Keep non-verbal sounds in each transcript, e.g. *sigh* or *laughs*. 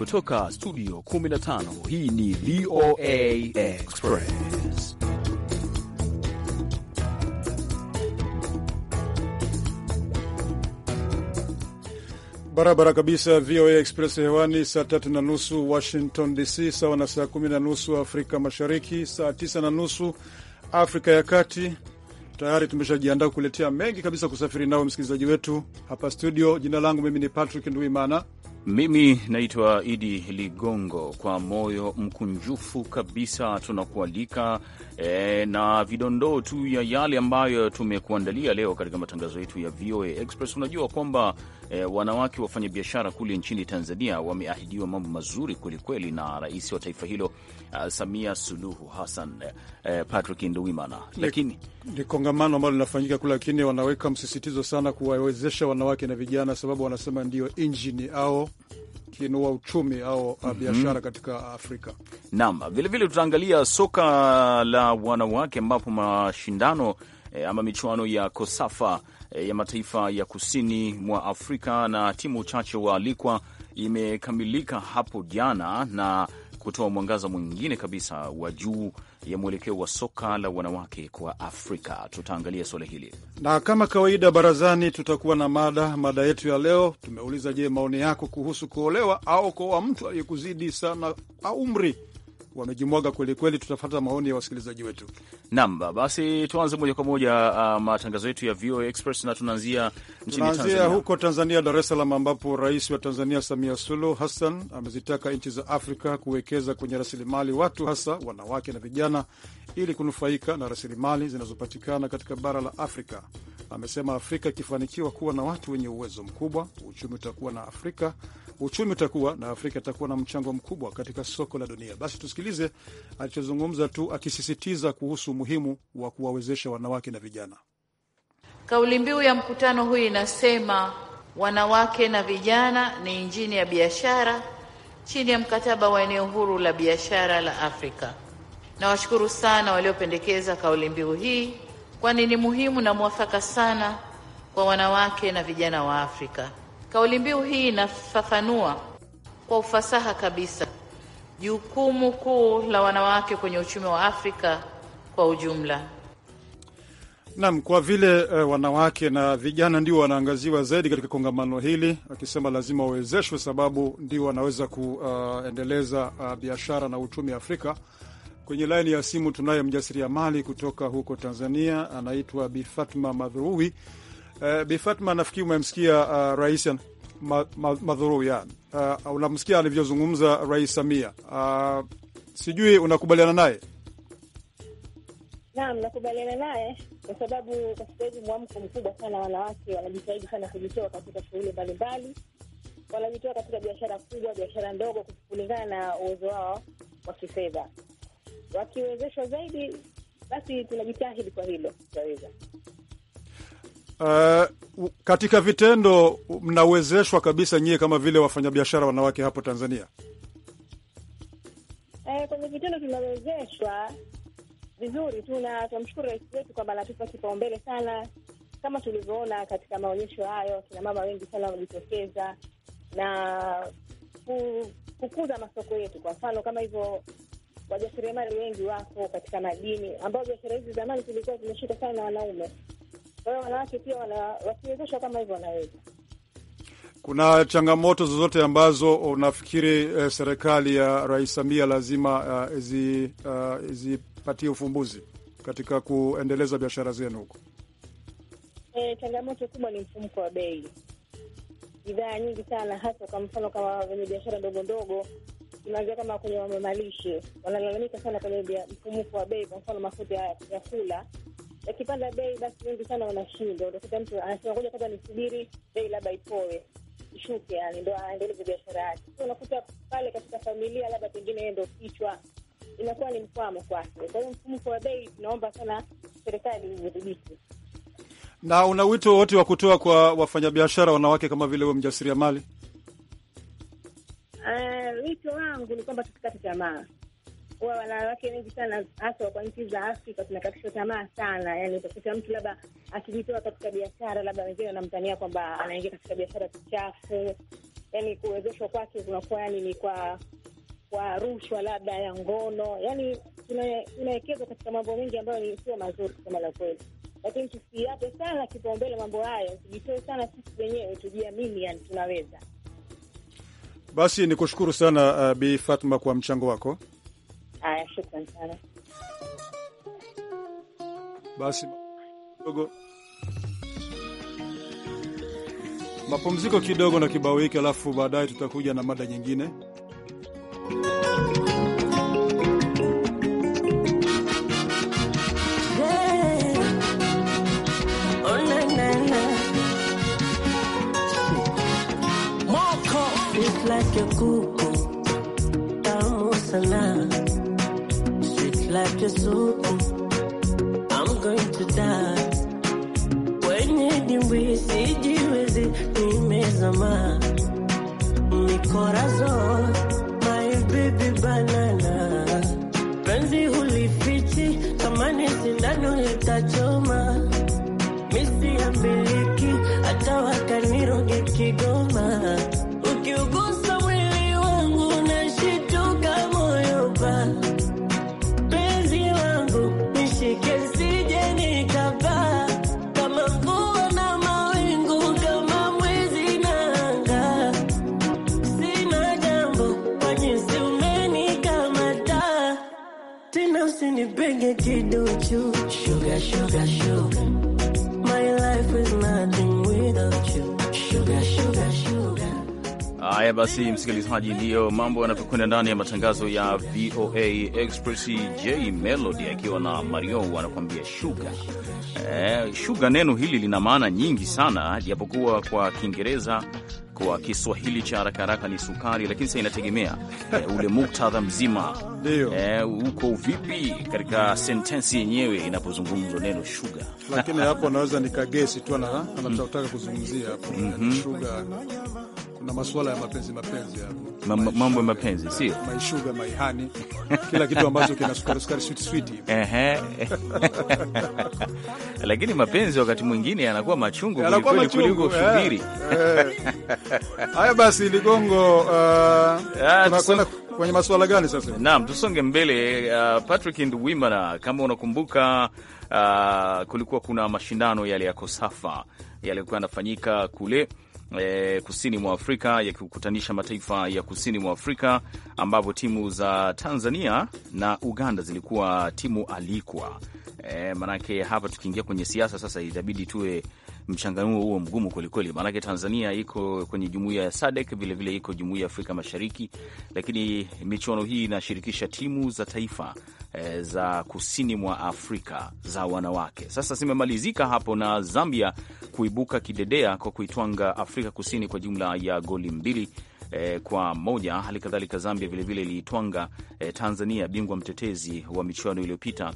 Kutoka studio 15 hii ni VOA Express. Barabara kabisa, VOA Express hewani, saa tatu na nusu Washington DC, sawa na saa kumi na nusu Afrika Mashariki, saa tisa na nusu Afrika ya Kati. Tayari tumeshajiandaa kukuletea mengi kabisa kusafiri nao, msikilizaji wetu hapa studio. Jina langu mimi ni Patrick Nduimana mimi naitwa Idi Ligongo. Kwa moyo mkunjufu kabisa tunakualika e, na vidondoo tu ya yale ambayo tumekuandalia leo katika matangazo yetu ya VOA Express. Unajua kwamba e, wanawake wafanyabiashara kule nchini Tanzania wameahidiwa mambo mazuri kwelikweli na rais wa taifa hilo a, eh, Samia Suluhu Hassan e, Patrick Nduwimana, lakini ni kongamano ambalo linafanyika kule, lakini wanaweka msisitizo sana kuwawezesha wanawake na vijana, sababu wanasema ndio injini au kiinua uchumi au mm -hmm. biashara katika Afrika. Naam, vilevile tutaangalia soka la wanawake ambapo mashindano e, ama michuano ya Kosafa e, eh, ya mataifa ya kusini mwa Afrika na timu chache waalikwa imekamilika hapo jana na kutoa mwangaza mwingine kabisa wa juu ya mwelekeo wa soka la wanawake kwa Afrika. Tutaangalia suala hili na kama kawaida, barazani tutakuwa na mada. Mada yetu ya leo tumeuliza, je, maoni yako kuhusu kuolewa au kuoa mtu aliyekuzidi sana aumri umri wamejimwaga kwelikweli. Tutafata maoni ya wasikilizaji wetu. Naam, basi tuanze moja kwa moja uh, matangazo yetu ya VOA Express na tunaanzia nchini Tanzania, huko Tanzania, Dar es Salaam, ambapo rais wa Tanzania Samia Suluhu Hassan amezitaka nchi za Afrika kuwekeza kwenye rasilimali watu, hasa wanawake na vijana, ili kunufaika na rasilimali zinazopatikana katika bara la Afrika. Amesema Afrika ikifanikiwa kuwa na watu wenye uwezo mkubwa, uchumi utakuwa na Afrika uchumi utakuwa na Afrika itakuwa na mchango mkubwa katika soko la dunia. Basi tusikilize alichozungumza tu, akisisitiza kuhusu umuhimu wa kuwawezesha wanawake na vijana. Kauli mbiu ya mkutano huu inasema wanawake na vijana ni injini ya biashara chini ya mkataba wa eneo huru la biashara la Afrika. Nawashukuru sana waliopendekeza kauli mbiu hii, kwani ni muhimu na mwafaka sana kwa wanawake na vijana wa Afrika. Kauli mbiu hii inafafanua kwa ufasaha kabisa jukumu kuu la wanawake kwenye uchumi wa Afrika kwa ujumla. Naam, kwa vile eh, wanawake na vijana ndio wanaangaziwa zaidi katika kongamano hili, akisema lazima wawezeshwe, sababu ndio wanaweza kuendeleza eh, uh, eh, uh, biashara na uchumi Afrika. Kwenye laini ya simu tunaye mjasiriamali kutoka huko Tanzania, anaitwa Bi Fatma bifatma eh, Bi Fatma nafikiri umemsikia uh, rais ma, ma, madhuru ya uh, eh, unamsikia alivyozungumza Rais Samia uh, sijui unakubaliana naye? Naam, nakubaliana naye kwa sababu kwa sasa hivi mwamko mkubwa sana, wanawake wanajitahidi sana kujitoa katika shughuli mbalimbali, wanajitoa katika biashara kubwa, biashara ndogo, kulingana na uwezo wao wa kifedha. Wakiwezeshwa zaidi, basi tunajitahidi kwa hilo tutaweza Uh, katika vitendo mnawezeshwa kabisa nyie kama vile wafanyabiashara wanawake hapo Tanzania? Eh, kwenye vitendo tunawezeshwa vizuri tu, na tunamshukuru rais wetu kwamba anatupa kipaumbele sana. Kama tulivyoona katika maonyesho hayo, akina mama wengi sana wamejitokeza na kukuza masoko yetu. Kwa mfano kama hivyo wajasiriamali wengi wako katika madini, ambao biashara hizi zamani zilikuwa zimeshika sana na wanaume kwa hiyo wanawake pia wakiwezeshwa kama hivyo wanaweza. Kuna changamoto zozote ambazo unafikiri eh, serikali ya Rais Samia lazima uh, eh, izipatie eh, uh, ufumbuzi katika kuendeleza biashara zenu huko? E, changamoto kubwa ni mfumko wa bei bidhaa nyingi sana, hasa kwa mfano kama wenye biashara ndogo ndogo, tunaanzia kama kwenye wamemalishe, wanalalamika sana kwenye mfumuko wa bei. Kwa mfano mafuta ya kula yakipanda bei basi wengi sana wanashindwa. Utakuta mtu anasema ngoja kwanza nisubiri bei labda ipoe ishuke, yani ndo aendeleze biashara yake. So unakuta pale katika familia labda pengine yeye ndo kichwa, inakuwa ni mkwamo kwake. Kwa hiyo mfumko wa bei tunaomba sana serikali udhibiti. Na una wito wote wa kutoa kwa wafanyabiashara wanawake kama vile huyo mjasiriamali? Uh, wito wangu ni kwamba tusikate tamaa huwa wanawake wengi sana hasa kwa nchi za Afrika tunakatishwa tamaa sana. Yani utakuta mtu labda akijitoa katika biashara, labda wengine wanamtania kwamba anaingia katika biashara chafu. Yani kuwezeshwa kwake kunakuwa yani ni kwa kwa rushwa labda ya ngono, yani tunawekezwa katika mambo mengi ambayo ni sio mazuri kusema la kweli, lakini tusiape sana kipaumbele mambo hayo, tujitoe sana sisi wenyewe, tujiamini, yani tunaweza. Basi ni kushukuru sana uh, Bi Fatma kwa mchango wako. Haya, shukran sana. Basi dogo mapumziko kidogo na kibao hiki, alafu baadaye tutakuja na mada nyingine. Haya basi, msikilizaji, ndiyo mambo yanavyokwenda ndani ya matangazo ya VOA Express. J Melody akiwa na Mario wanakuambia shuga. Eh, shuga, neno hili lina maana nyingi sana, japokuwa kwa Kiingereza kwa Kiswahili cha haraka haraka ni sukari, lakini sasa inategemea eh, ule muktadha mzima eh, uko vipi katika sentensi yenyewe inapozungumzwa neno shuga. Lakini hapo naweza nikagesi tu anataka kuzungumzia hapo mhm. shuga kuna masuala ya mapenzi mapenzi ya mambo ya mapenzi, sio my sugar my honey, kila kitu ambacho kina sukari sukari, sweet sweet, ehe. *laughs* Lakini mapenzi wakati mwingine yanakuwa machungu kuliko kuliko shubiri. Eh, eh. Haya basi, Ligongo, uh, ah, tunakwenda uh, kwenye masuala gani sasa? Naam, tusonge mbele. Uh, Patrick Ndwimana, kama unakumbuka uh, kulikuwa kuna mashindano yale ya Kosafa yalikuwa yanafanyika kule e, kusini mwa Afrika yakikutanisha mataifa ya kusini mwa Afrika ambapo timu za Tanzania na Uganda zilikuwa timu alikwa. E, eh, maanake hapa tukiingia kwenye siasa sasa itabidi tuwe mchanganuo huo mgumu kwelikweli, maanake Tanzania iko kwenye jumuiya ya SADC, vilevile iko jumuiya ya Afrika Mashariki, lakini michuano hii inashirikisha timu za taifa e, za kusini mwa Afrika za wanawake. Sasa zimemalizika hapo na Zambia kuibuka kidedea kwa kuitwanga Afrika Kusini kwa jumla ya goli mbili E, kwa moja. Hali kadhalika Zambia vilevile iliitwanga e, Tanzania bingwa mtetezi wa michuano iliyopita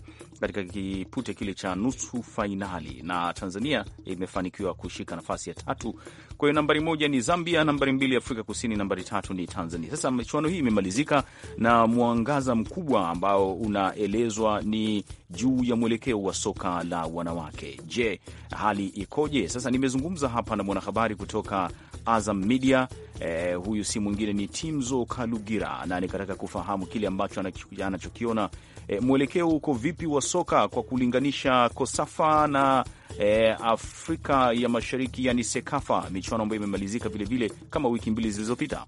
katika kipute kile cha nusu fainali, na Tanzania imefanikiwa kushika nafasi ya tatu. Kwa hiyo nambari moja ni Zambia, nambari mbili Afrika Kusini, nambari tatu ni Tanzania. Sasa michuano hii imemalizika na mwangaza mkubwa ambao unaelezwa ni juu ya mwelekeo wa soka la wanawake. Je, hali ikoje sasa? Nimezungumza hapa na mwanahabari kutoka Azam Media. Eh, huyu si mwingine ni Timzo Kalugira, na nikataka kufahamu kile ambacho anachokiona e, mwelekeo uko vipi wa soka kwa kulinganisha Kosafa na e, Afrika ya Mashariki yani Sekafa, michuano ambayo imemalizika vilevile kama wiki mbili zilizopita?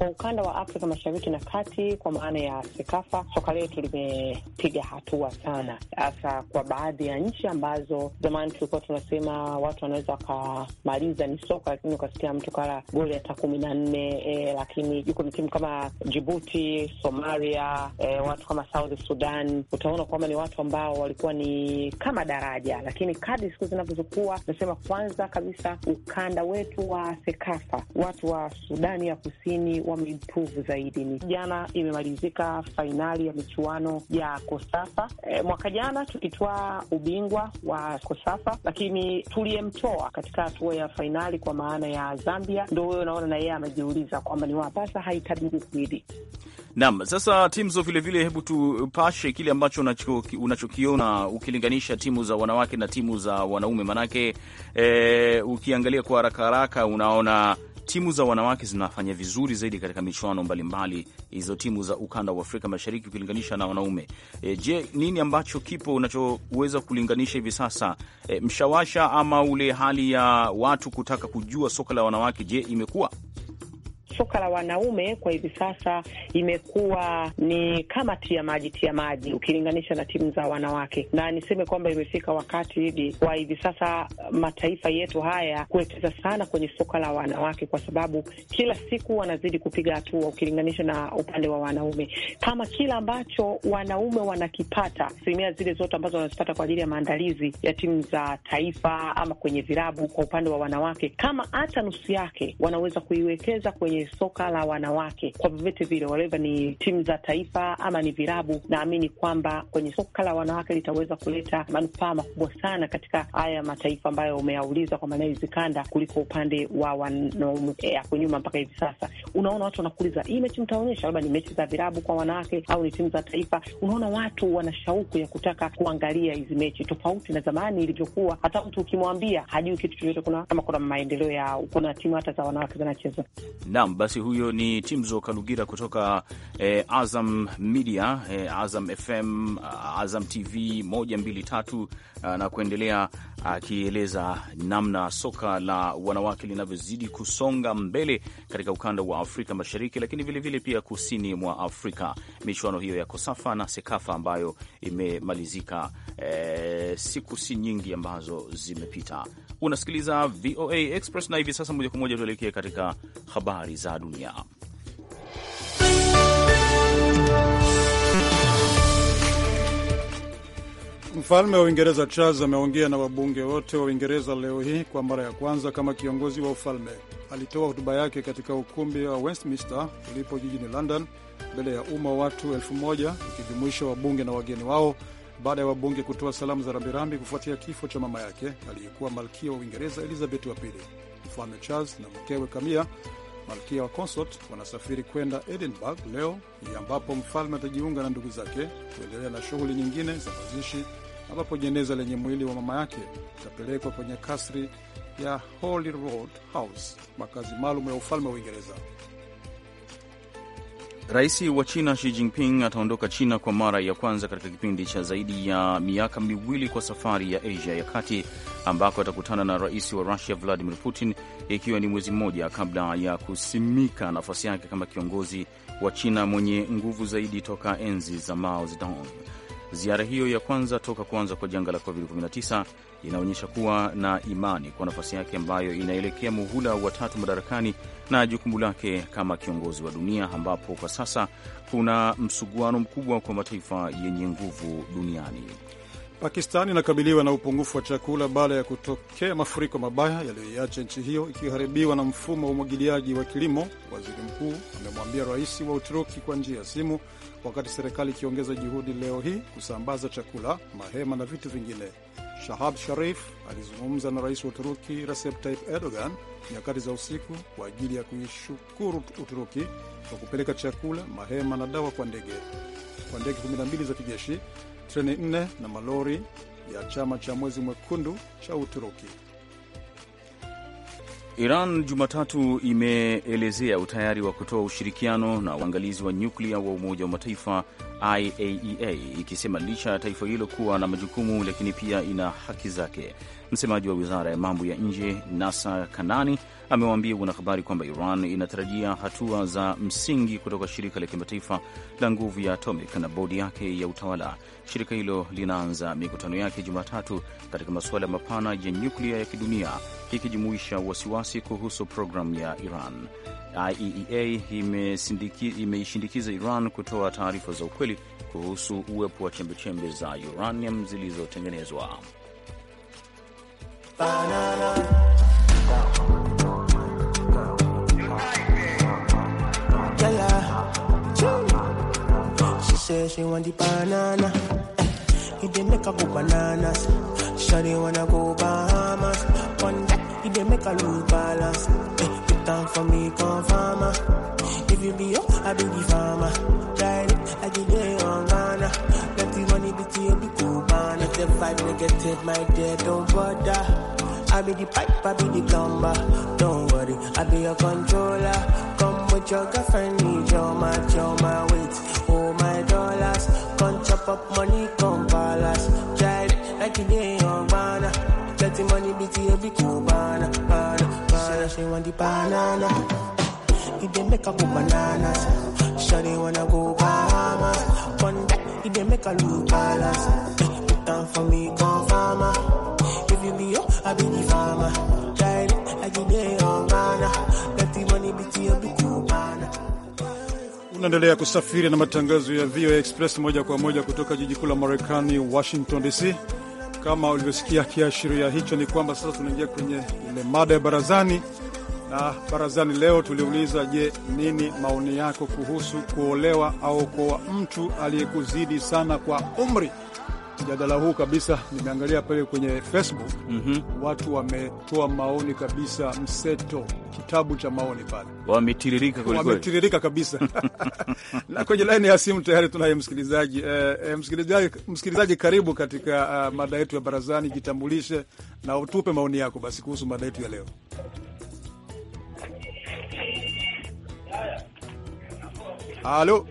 Kwa ukanda wa Afrika Mashariki na Kati, kwa maana ya SEKAFA, soka letu limepiga hatua sana, hasa kwa baadhi ya nchi ambazo zamani tulikuwa tunasema watu wanaweza wakamaliza ni soka, lakini ukasikia mtu kala goli hata kumi na nne e, lakini yuko ni timu kama Jibuti, Somalia, e, watu kama South Sudan, utaona kwamba ni watu ambao walikuwa ni kama daraja, lakini kadi siku zinavyozokuwa, nasema kwanza kabisa ukanda wetu wa SEKAFA, watu wa Sudani ya Kusini wameimprove zaidi. Ni jana imemalizika fainali ya michuano ya Kosafa. E, mwaka jana tukitwaa ubingwa wa Kosafa, lakini tuliyemtoa katika hatua ya fainali kwa maana ya Zambia, ndo huyo, unaona na yeye amejiuliza kwamba ni wapasa haitabidi kuidi Nam, sasa zo vilevile, hebu tupashe kile ambacho unachokiona ukilinganisha timu za wanawake na timu za wanaume, manake e, ukiangalia kwa haraka haraka unaona timu za wanawake zinafanya vizuri zaidi katika michuano mbalimbali, hizo timu za ukanda wa Afrika Mashariki ukilinganisha na wanaume. E, je, nini ambacho kipo unachoweza kulinganisha hivi sasa? E, mshawasha ama ule hali ya watu kutaka kujua soka la wanawake, je, imekuwa soka la wanaume kwa hivi sasa imekuwa ni kama tia maji tia maji ukilinganisha na timu za wanawake, na niseme kwamba imefika wakati hivi kwa hivi sasa mataifa yetu haya kuwekeza sana kwenye soka la wanawake, kwa sababu kila siku wanazidi kupiga hatua ukilinganisha na upande wa wanaume. Kama kila ambacho wanaume wanakipata, asilimia zile zote ambazo wanazipata kwa ajili ya maandalizi ya timu za taifa ama kwenye vilabu, kwa upande wa wanawake, kama hata nusu yake wanaweza kuiwekeza kwenye soka la wanawake kwa vyovyote vile, waleva ni timu za taifa ama ni virabu, naamini kwamba kwenye soka la wanawake litaweza kuleta manufaa makubwa sana katika haya mataifa ambayo umeauliza, kwa maana hizi kanda, kuliko upande wa wanaume eh, hapo nyuma. Mpaka hivi sasa unaona watu wanakuuliza hii mechi mtaonyesha, labda ni mechi za virabu kwa wanawake au ni timu za taifa. Unaona watu wana shauku ya kutaka kuangalia hizi mechi, tofauti na zamani ilivyokuwa. Hata mtu ukimwambia hajui kitu chochote, kuna kama kuna maendeleo ya kuna timu hata za wanawake zinacheza. Naam. Basi huyo ni Timzo Kalugira kutoka eh, Azam Media eh, Azam FM, uh, Azam TV 123 uh, na kuendelea uh, akieleza namna soka la wanawake linavyozidi kusonga mbele katika ukanda wa Afrika Mashariki, lakini vilevile vile pia kusini mwa Afrika. Michuano hiyo ya Kosafa na Sekafa ambayo imemalizika eh, siku si nyingi ambazo zimepita. Unasikiliza VOA Express na hivi sasa moja kwa moja tuelekee katika habari za dunia. Mfalme wa Uingereza Charles ameongea na wabunge wote wa Uingereza leo hii kwa mara ya kwanza kama kiongozi wa ufalme. Alitoa hotuba yake katika ukumbi wa Westminster ulipo jijini London mbele ya umma watu elfu moja ikijumuisha wabunge na wageni wao baada ya wabunge kutoa salamu za rambirambi kufuatia kifo cha mama yake aliyekuwa malkia wa Uingereza Elizabeth wa pili. Mfalme Charles na mkewe kamia malkia wa consort, wanasafiri kwenda Edinburgh leo, ambapo mfalme atajiunga na ndugu zake kuendelea na shughuli nyingine za mazishi, ambapo jeneza lenye mwili wa mama yake itapelekwa kwenye kasri ya Holyrood House, makazi maalum ya ufalme wa Uingereza. Rais wa China Xi Jinping ataondoka China kwa mara ya kwanza katika kipindi cha zaidi ya miaka miwili kwa safari ya Asia ya kati ambako atakutana na rais wa Rusia Vladimir Putin, ikiwa ni mwezi mmoja kabla ya kusimika nafasi yake kama kiongozi wa China mwenye nguvu zaidi toka enzi za Mao Zedong. Ziara hiyo ya kwanza toka kuanza kwa janga la COVID-19 inaonyesha kuwa na imani kwa nafasi yake ambayo inaelekea muhula wa tatu madarakani na jukumu lake kama kiongozi wa dunia, ambapo kwa sasa kuna msuguano mkubwa kwa mataifa yenye nguvu duniani. Pakistani inakabiliwa na upungufu wa chakula baada ya kutokea mafuriko mabaya yaliyoiacha nchi hiyo ikiharibiwa na mfumo wa umwagiliaji wa kilimo. Waziri mkuu amemwambia rais wa Uturuki kwa njia ya simu, wakati serikali ikiongeza juhudi leo hii kusambaza chakula, mahema na vitu vingine. Shahab Sharif alizungumza na rais wa Uturuki Recep Tayyip Erdogan nyakati za usiku kwa ajili ya kuishukuru Uturuki kwa kupeleka chakula, mahema na dawa kwa ndege kwa ndege 12 za kijeshi treni nne na malori ya chama cha Mwezi Mwekundu cha Uturuki. Iran Jumatatu imeelezea utayari wa kutoa ushirikiano na uangalizi wa nyuklia wa Umoja wa Mataifa IAEA, e ikisema licha ya taifa hilo kuwa na majukumu, lakini pia ina haki zake. Msemaji wa wizara ya mambo ya nje Nasa Kanani amewaambia wanahabari kwamba Iran inatarajia hatua za msingi kutoka shirika la kimataifa la nguvu ya atomic na bodi yake ya utawala. Shirika hilo linaanza mikutano yake Jumatatu katika masuala mapana ya nyuklia ya kidunia, ikijumuisha wasiwasi kuhusu programu ya Iran. IAEA imeishindikiza Iran kutoa taarifa za ukweli kuhusu uwepo wa chembechembe za uranium zilizotengenezwa. say she want the banana. He they make a go bananas. Shawty wanna go Bahamas. One day, he they make a lose balance. Eh, put down for me, come farmer. If you be up, I be the farmer. Try it, I get it on Ghana. Let the money be to you, be cool, the vibe negative, my dear, don't bother. I be the pipe, I be the plumber. Don't worry, I be your controller. Come with your girlfriend, need your match, your my weight, oh my dollars. Come chop up money, come palace. Drive it like a did on banana. Let the money be to every cubana, banana, banana. She want the banana. If they make a go bananas, She wanna go Bahamas. One day, if they make a look balance. for me, come farmer. If you be up, I be the farmer. Child, I give Let the money be to be Unaendelea kusafiri na matangazo ya VOA Express moja kwa moja kutoka jiji kuu la Marekani, Washington DC. Kama ulivyosikia kiashiria hicho, ni kwamba sasa tunaingia kwenye ile mada ya barazani na barazani leo tuliuliza, je, nini maoni yako kuhusu kuolewa au kuoa mtu aliyekuzidi sana kwa umri? mjadala huu kabisa. Nimeangalia pale kwenye Facebook mm -hmm. watu wametoa maoni kabisa mseto, kitabu cha maoni pale, wametiririka wametiririka kabisa *laughs* *laughs* na kwenye laini ya simu tayari tunaye msikilizaji eh, eh, msikilizaji, msikilizaji, karibu katika uh, mada yetu ya barazani. Jitambulishe na utupe maoni yako basi kuhusu mada yetu ya leo. Halo.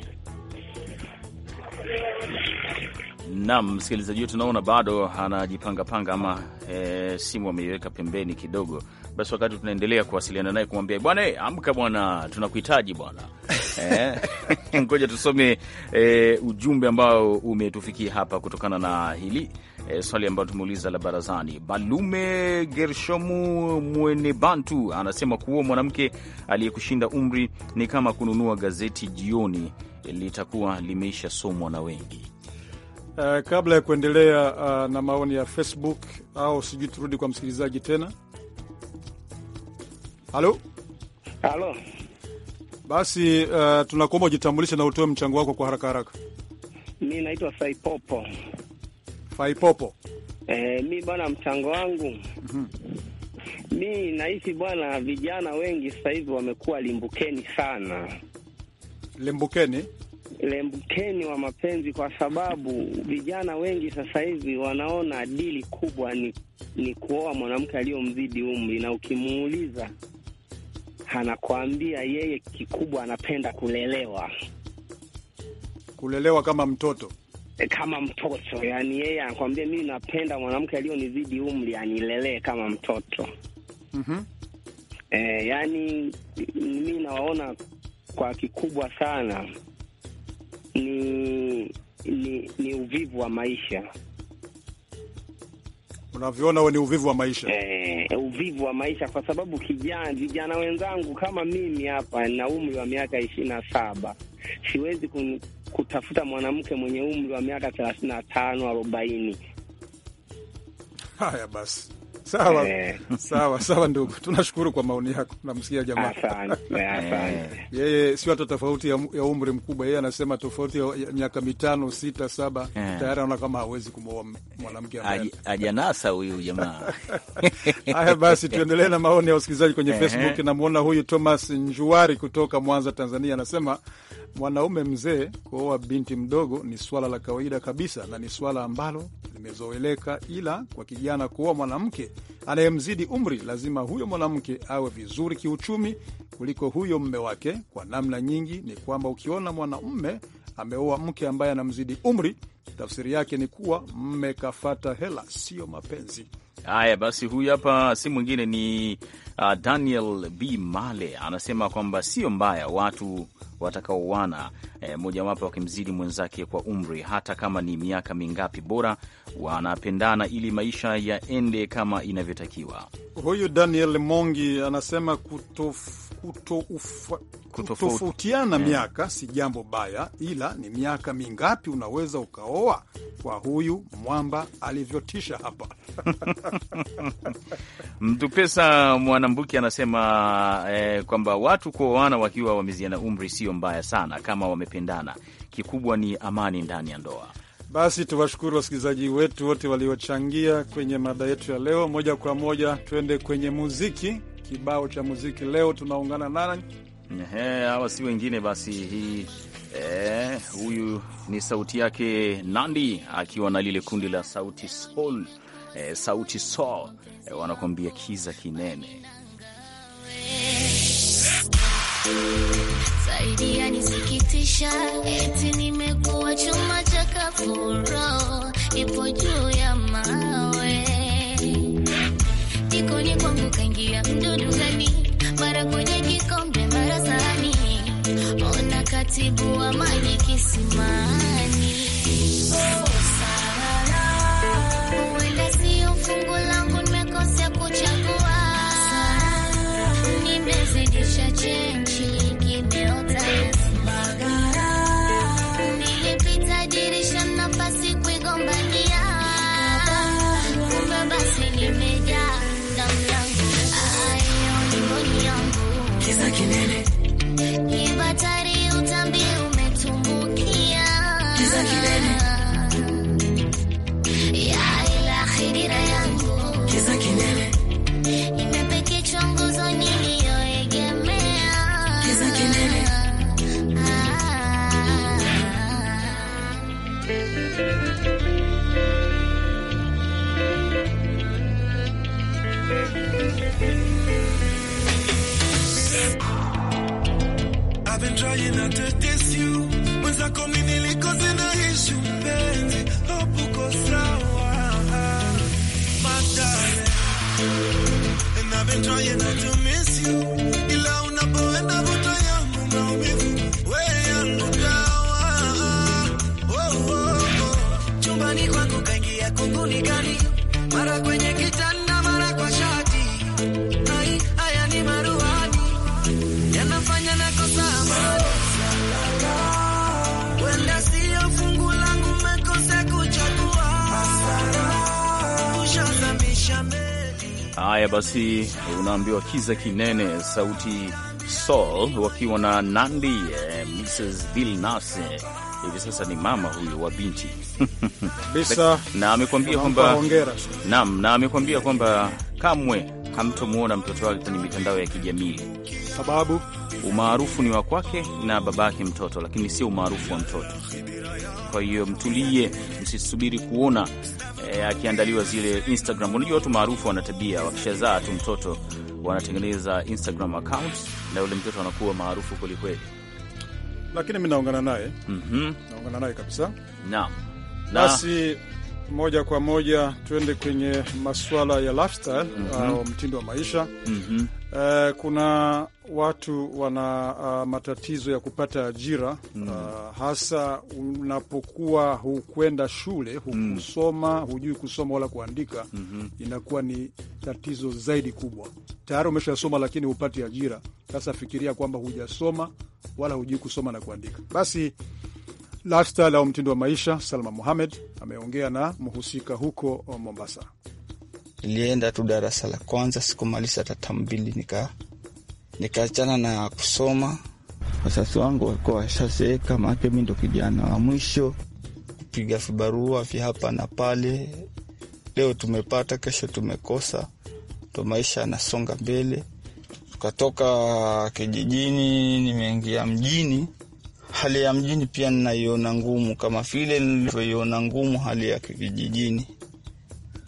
Naam, msikilizaji wetu naona bado anajipangapanga ama e, simu ameiweka pembeni kidogo. Basi wakati tunaendelea kuwasiliana naye kumwambia bwana, eh, amka bwana, tunakuhitaji bwana *laughs* e, *laughs* ngoja tusome e, ujumbe ambao umetufikia hapa kutokana na hili e, swali ambalo tumeuliza la barazani. Balume Gershomu Mwenebantu anasema kuwa mwanamke aliyekushinda umri ni kama kununua gazeti jioni, litakuwa limeisha somwa na wengi. Uh, kabla ya kuendelea uh, na maoni ya Facebook au sijui turudi kwa msikilizaji tena. Halo, halo. Basi uh, tunakuomba ujitambulishe na utoe mchango wako kwa haraka haraka. Mi naitwa Faipopo. Faipopo. Eh, mi bwana, mchango wangu mm -hmm. mi naishi bwana, vijana wengi sasa hivi wamekuwa limbukeni sana. Limbukeni? lembukeni wa mapenzi, kwa sababu vijana wengi sasa hivi wanaona dili kubwa ni, ni kuoa mwanamke aliyomzidi umri, na ukimuuliza anakwambia yeye kikubwa anapenda kulelewa, kulelewa kama mtoto e, kama mtoto yani, yeye anakwambia mimi napenda mwanamke aliyonizidi umri anilelee kama mtoto. mm -hmm. E, yani mi nawaona kwa kikubwa sana ni, ni, ni uvivu wa maisha. Unavyoona we ni uvivu wa maisha eh, uvivu wa maisha kwa sababu kijana, vijana wenzangu kama mimi hapa na umri wa miaka ishirini na saba siwezi kun, kutafuta mwanamke mwenye umri wa miaka thelathini na tano arobaini. Haya basi Sawa eh. sawa sawa, ndugu, tunashukuru kwa maoni yako, namsikia jamaa *laughs* yeye si watu tofauti ya, umri mkubwa. Yeye anasema tofauti ya, miaka mitano sita saba eh. tayari anaona kama hawezi kumwoa mwanamke ajanasa huyu jamaa. *laughs* Haya basi, tuendelee na maoni ya wasikilizaji kwenye eh. Facebook. Namwona huyu Thomas Njuari kutoka Mwanza, Tanzania, anasema mwanaume mzee kuoa binti mdogo ni swala la kawaida kabisa na ni swala ambalo limezoeleka, ila kwa kijana kuoa mwanamke anayemzidi umri, lazima huyo mwanamke awe vizuri kiuchumi kuliko huyo mme wake. Kwa namna nyingi, ni kwamba ukiona mwanamme ameoa mke ambaye anamzidi umri, tafsiri yake ni kuwa mme kafata hela, sio mapenzi. Haya basi, huyu hapa si mwingine ni uh, Daniel B Male anasema kwamba sio mbaya watu watakaoana mmojawapo eh, mojawapo wakimzidi mwenzake kwa umri, hata kama ni miaka mingapi, bora wanapendana ili maisha yaende kama inavyotakiwa. Huyu Daniel Mongi anasema kutofautiana kuto miaka si jambo baya, ila ni miaka mingapi unaweza ukaoa? Kwa huyu mwamba alivyotisha hapa *laughs* Mtu Pesa Mwanambuki anasema eh, kwamba watu kuoana wakiwa wameziana umri sio mbaya sana kama wamependana, kikubwa ni amani ndani ya ndoa. Basi tuwashukuru wasikilizaji wetu wote waliochangia kwenye mada yetu ya leo. Moja kwa moja tuende kwenye muziki. Kibao cha muziki leo tunaungana nani? hawa si wengine basi hii eh, huyu ni sauti yake Nandi akiwa na lile kundi la Sauti Sol eh, Sauti Sol eh, wanakuambia kiza kinene zaidi yanisikitisha, eti nimekuwa chuma cha kafuro, ipo juu ya mawe, jikoni kwangu kaingia mdudu gani? Mara kwenye kikombe, mara sahani, ona katibu wa maji kisimani oh. basi unaambiwa kiza kinene, sauti Sol wakiwa na Nandi eh, Mrs Vilnase eh, hivi sasa ni mama huyu wa binti *laughs* na amekwambia kwamba naam, na amekwambia kwamba kamwe hamtomwona mtoto wake kwenye mitandao ya kijamii sababu umaarufu ni wa kwake na babake mtoto, lakini sio umaarufu wa mtoto. Kwa hiyo mtulie, msisubiri kuona e, akiandaliwa zile Instagram. Unajua watu maarufu wana tabia, wakishazaa tu mtoto wanatengeneza Instagram account na yule mtoto anakuwa maarufu kwelikweli, lakini mi naungana naye mm -hmm. naungana naye kabisa. Na. basi moja kwa moja tuende kwenye maswala ya lifestyle mm -hmm. au mtindo wa maisha mm -hmm. Uh, kuna watu wana uh, matatizo ya kupata ajira mm. Uh, hasa unapokuwa hukwenda shule hmm. hukusoma, hujui kusoma wala kuandika mm -hmm. Inakuwa ni tatizo zaidi kubwa. Tayari umeshasoma lakini hupati ajira. Sasa fikiria kwamba hujasoma wala hujui kusoma na kuandika. Basi lifestyle au mtindo wa maisha, Salma muhamed ameongea na mhusika huko Mombasa nilienda tu darasa la kwanza, sikumaliza hata mbili, nika na kusoma. Wazazi wangu walikuwa washazeeka, maake mi ndo kijana wa mwisho, piga vibarua vya hapa na pale, leo tumepata, kesho tumekosa, ndo maisha yanasonga mbele. Tukatoka kijijini, nimeingia mjini. Hali ya mjini pia ninaiona ngumu kama vile nilivyoiona ngumu hali ya kijijini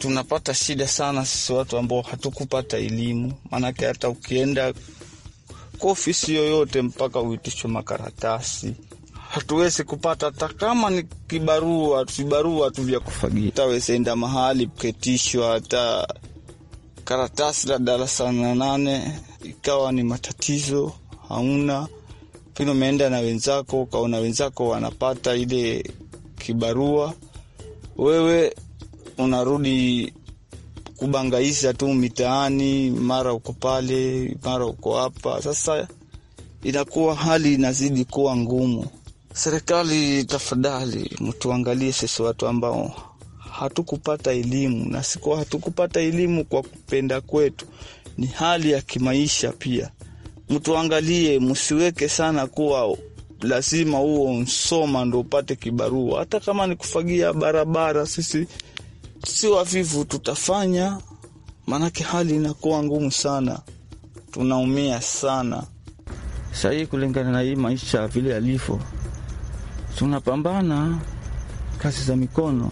tunapata shida sana sisi watu ambao hatukupata elimu, maanake hata ukienda kwa ofisi yoyote mpaka uitishwe makaratasi hatuwezi kupata hata kama ni kibarua vibarua tu vya kufagia. Hatawezi enda mahali kuketishwa, hata karatasi la darasa la nane ikawa ni matatizo hauna. pini, umeenda na wenzako, ukaona wenzako wanapata ile kibarua, wewe unarudi kubangaisha tu mitaani, mara uko pale, mara uko hapa. Sasa inakuwa hali inazidi kuwa ngumu. Serikali tafadhali, mtuangalie sisi watu ambao hatukupata elimu, na siku hatukupata elimu kwa kupenda kwetu, ni hali ya kimaisha pia. Mtuangalie, msiweke sana kuwa lazima huo msoma ndo upate kibarua, hata kama ni kufagia barabara. Sisi si wavivu, tutafanya maanake hali inakuwa ngumu sana, tunaumia sana sahii, kulingana na hii maisha vile yalivyo. Tunapambana kazi za mikono,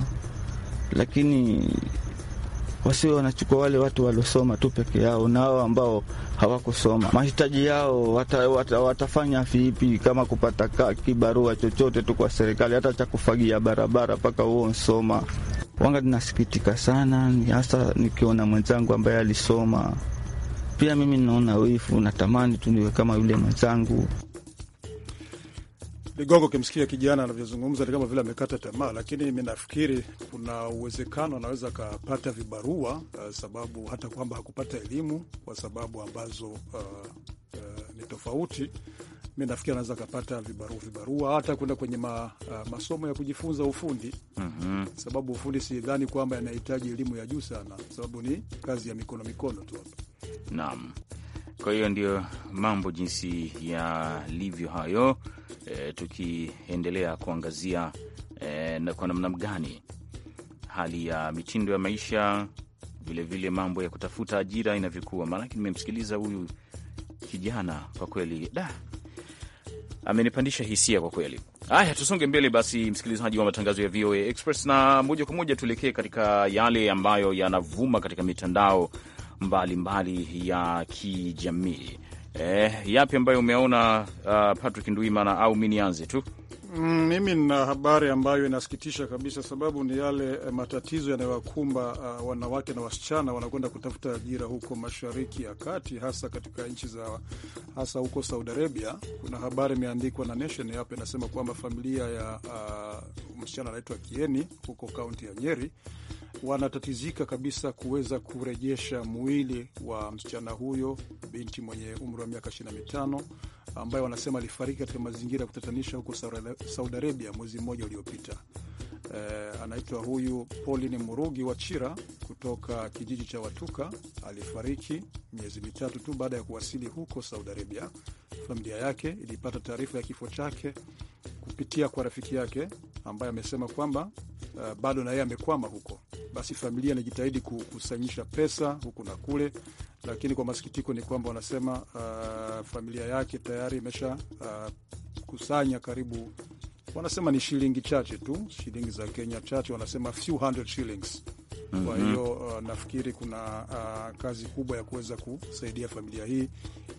lakini wasiwe wanachukua wale watu waliosoma tu peke yao, na hao ambao hawakusoma mahitaji yao wata, wata, watafanya vipi? Kama kupata kibarua chochote tu kwa serikali, hata cha kufagia barabara, mpaka huo nsoma wanga ninasikitika sana, hasa nikiona mwenzangu ambaye alisoma pia. Mimi naona wifu, natamani tu niwe kama yule mwenzangu. Ligongo, kimsikia kijana anavyozungumza ni kama vile amekata tamaa, lakini mi nafikiri kuna uwezekano anaweza akapata vibarua uh, sababu hata kwamba hakupata elimu kwa sababu ambazo uh, uh, ni tofauti mi nafikiri anaweza akapata vibarua vibarua hata kwenda kwenye ma, uh, masomo ya kujifunza ufundi mm -hmm. Sababu ufundi sidhani kwamba yanahitaji elimu ya juu sana, sababu ni kazi ya mikono mikono tu hapa. Naam, kwa hiyo ndio mambo jinsi yalivyo hayo. E, tukiendelea kuangazia e, na kwa namna gani hali ya mitindo ya maisha vilevile vile mambo ya kutafuta ajira inavyokuwa, maanake nimemsikiliza huyu kijana kwa kweli da amenipandisha hisia kwa kweli. Haya, tusonge mbele basi, msikilizaji wa matangazo ya VOA Express, na moja kwa moja tuelekee katika yale ambayo yanavuma katika mitandao mbalimbali mbali ya kijamii. Eh, yapi ambayo umeona uh, Patrick Nduimana au mi nianze tu? Mm, mimi nina habari ambayo inasikitisha kabisa, sababu ni yale eh, matatizo yanayowakumba uh, wanawake na wasichana wanakwenda kutafuta ajira huko Mashariki ya Kati, hasa katika nchi za hasa huko Saudi Arabia. Kuna habari imeandikwa na Nation hapa inasema kwamba familia ya uh, msichana anaitwa Kieni huko kaunti ya Nyeri wanatatizika kabisa kuweza kurejesha mwili wa msichana huyo, binti mwenye umri wa miaka mitano ambaye wanasema alifariki katika mazingira ya kutatanisha huko Saudi Arabia mwezi mmoja uliopita eh, anaitwa huyu Pauline Murugi wa Chira kutoka kijiji cha Watuka. Alifariki miezi mitatu tu baada ya kuwasili huko Saudi Arabia. Familia yake ilipata taarifa ya kifo chake kupitia kwa rafiki yake ambaye amesema kwamba eh, bado na yeye amekwama huko. Basi familia inajitahidi kukusanyisha pesa huku na kule, lakini kwa masikitiko ni kwamba wanasema uh, familia yake tayari imesha uh, kusanya karibu wanasema ni shilingi chache tu, shilingi za Kenya chache, wanasema few hundred shillings. Mm -hmm. Kwa hiyo uh, nafikiri kuna uh, kazi kubwa ya kuweza kusaidia familia hii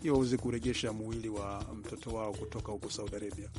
ili waweze kurejesha mwili wa mtoto wao kutoka huko Saudi Arabia.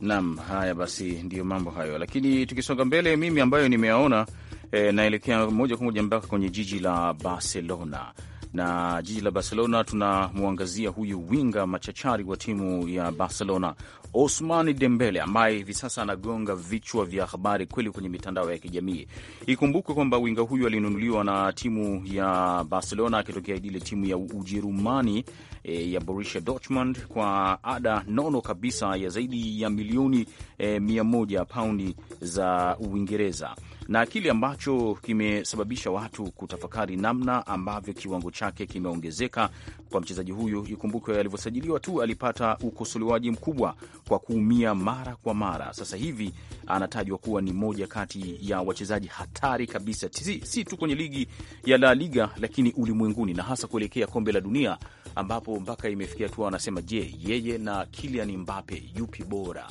Naam, haya basi, ndiyo mambo hayo, lakini tukisonga mbele, mimi ambayo nimeyaona eh, naelekea moja kwa moja mpaka kwenye jiji la Barcelona na jiji la Barcelona. Tunamwangazia huyu winga machachari wa timu ya Barcelona, Osmani Dembele, ambaye hivi sasa anagonga vichwa vya habari kweli kwenye mitandao ya kijamii. Ikumbukwe kwamba winga huyu alinunuliwa na timu ya Barcelona akitokea ile timu ya Ujerumani e, ya Borussia Dortmund kwa ada nono kabisa ya zaidi ya milioni e, mia moja paundi za Uingereza na kile ambacho kimesababisha watu kutafakari namna ambavyo kiwango chake kimeongezeka kwa mchezaji huyu. Ikumbukwe alivyosajiliwa tu alipata ukosolewaji mkubwa kwa kuumia mara kwa mara. Sasa hivi anatajwa kuwa ni moja kati ya wachezaji hatari kabisa, si, si tu kwenye ligi ya La Liga lakini ulimwenguni, na hasa kuelekea kombe la dunia ambapo mpaka imefikia tu wanasema, je, yeye na Kylian Mbappe yupi bora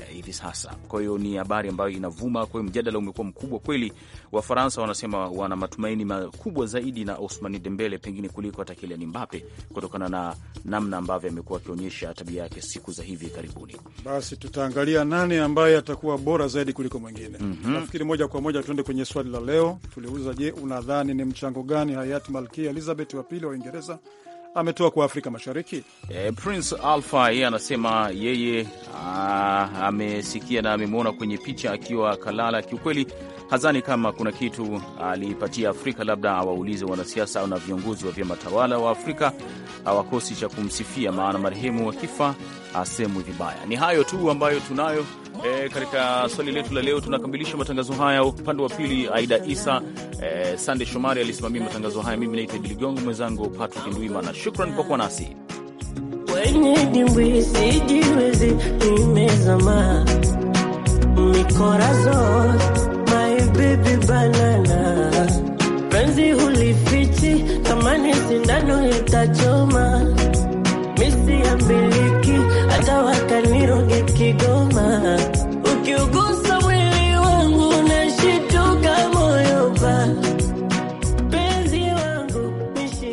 eh, hivi eh, sasa? Kwa hiyo ni habari ambayo inavuma. Kwa hiyo mjadala umekuwa mkubwa kweli Wafaransa wanasema wana matumaini makubwa zaidi na Ousmani Dembele pengine kuliko hata Kylian Mbappe kutokana na namna ambavyo amekuwa akionyesha tabia yake siku za hivi karibuni. Basi tutaangalia nani ambaye atakuwa bora zaidi kuliko mwingine. mm -hmm. Nafikiri moja kwa moja tuende kwenye swali la leo. Tuliuza, je, unadhani ni mchango gani hayati Malkia Elizabeth wa pili wa Uingereza ametoa kwa Afrika Mashariki. E, Prince Alpha yeye anasema yeye ah, amesikia na amemwona kwenye picha akiwa kalala. Kiukweli Hazani kama kuna kitu aliipatia Afrika, labda awaulize wanasiasa au na viongozi wa vyama tawala wa Afrika hawakosi cha kumsifia, maana marehemu akifa asemwe vibaya. Ni hayo tu ambayo tunayo e, katika swali letu la leo. Tunakamilisha matangazo haya. Upande wa pili, Aida Isa e, Sande Shomari alisimamia matangazo haya. Mimi naitwa Idi Ligongo, mwenzangu Patrick ndwimana na shukran kwa kuwa nasi dimbwi sijiwezi zote bibi banana, penzi hulifichi, kama ni sindano itachoma, misi ya mbiliki, hata wakaniroge Kigoma ukiugu